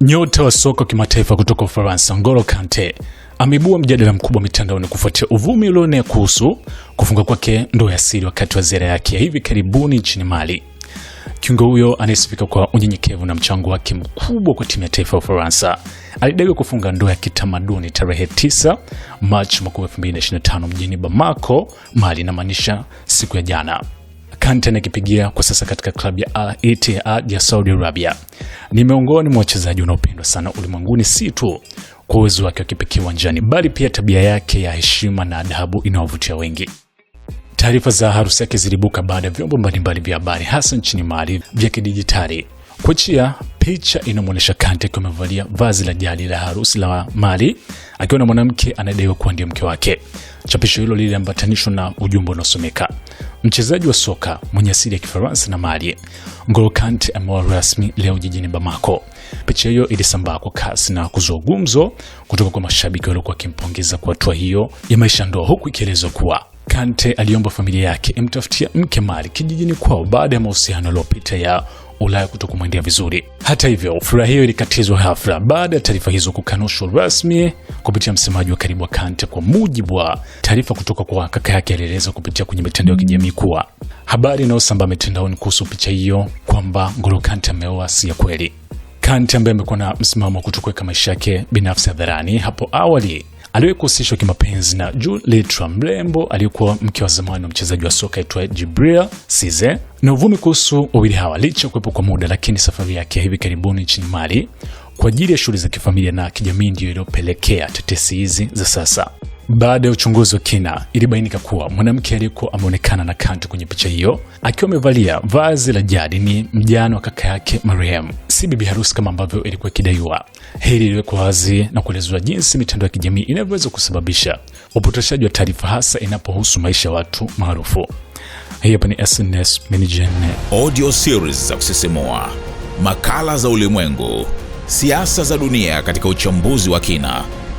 Nyota wa soka kimataifa kutoka Ufaransa N'Golo Kante ameibua mjadala mkubwa mitandaoni kufuatia uvumi ulioenea kuhusu kufunga kwake ndoa ya siri wakati wa ziara yake ya hivi karibuni nchini Mali. Kiungo huyo anayesifika kwa unyenyekevu na mchango wake mkubwa kwa timu ya taifa ya Ufaransa alidaiwa kufunga ndoa ya kitamaduni tarehe 9 Machi mwaka 2025 mjini Bamako, Mali, inamaanisha siku ya jana. Kante anakipigia kwa sasa katika klabu ya Al Ittihad ya Saudi Arabia ni miongoni mwa wachezaji wanaopendwa sana ulimwenguni, si tu kwa uwezo wake wa kipekee uwanjani, bali pia tabia yake ya heshima na adabu inawavutia wengi. Taarifa za harusi yake zilibuka baada ya vyombo mbalimbali vya habari hasa nchini Mali vya kidijitali kuachia picha inamwonyesha Kante akiwa amevalia vazi la jadi la harusi la Mali akiwa na mwanamke anayedaiwa kuwa ndiye mke wake. Chapisho hilo liliambatanishwa na ujumbe unaosomeka mchezaji wa soka mwenye asili ya Kifaransa na Mali N'Golo Kante ameoa rasmi leo jijini Bamako. Picha hiyo ilisambaa kwa kasi na kuzua gumzo kutoka kwa mashabiki waliokuwa wakimpongeza kwa hatua hiyo ya maisha ndoa, huku ikielezwa kuwa Kante aliomba familia yake imtafutia mke mali kijijini kwao baada ya mahusiano yaliyopita ya Ulaya kutokumwendea vizuri. Hata hivyo, furaha hiyo ilikatizwa hafla baada ya taarifa hizo kukanushwa rasmi kupitia msemaji wa karibu wa Kante. Kwa mujibu wa taarifa kutoka kwa kaka yake, alieleza kupitia kwenye mitandao ya kijamii kuwa Habari inayosambaa mitandaoni kuhusu picha hiyo kwamba Ngolo kanti ameoa si ya kweli. kanti ambaye amekuwa na msimamo wa kutokuweka maisha yake binafsi hadharani hapo awali aliwahi kuhusishwa kimapenzi na Julitra, mrembo aliyekuwa mke wa zamani wa mchezaji wa soka aitwa Jibril Size, na uvumi kuhusu wawili hawa licha ya kuwepo kwa muda, lakini safari yake hivi karibuni nchini Mali kwa ajili ya shughuli za kifamilia na kijamii ndiyo iliyopelekea tetesi hizi za sasa. Baada ya uchunguzi wa kina, ilibainika kuwa mwanamke aliyekuwa ameonekana na kanti kwenye picha hiyo akiwa amevalia vazi la jadi ni mjane wa kaka yake Mariam, si bibi harusi kama ambavyo ilikuwa ikidaiwa. Hili iliwekwa wazi na kuelezewa jinsi mitandao ya kijamii inavyoweza kusababisha upotoshaji wa taarifa, hasa inapohusu maisha ya watu maarufu. Hii hapa ni SNS Minigen, audio series za kusisimua, makala za ulimwengu, siasa za dunia katika uchambuzi wa kina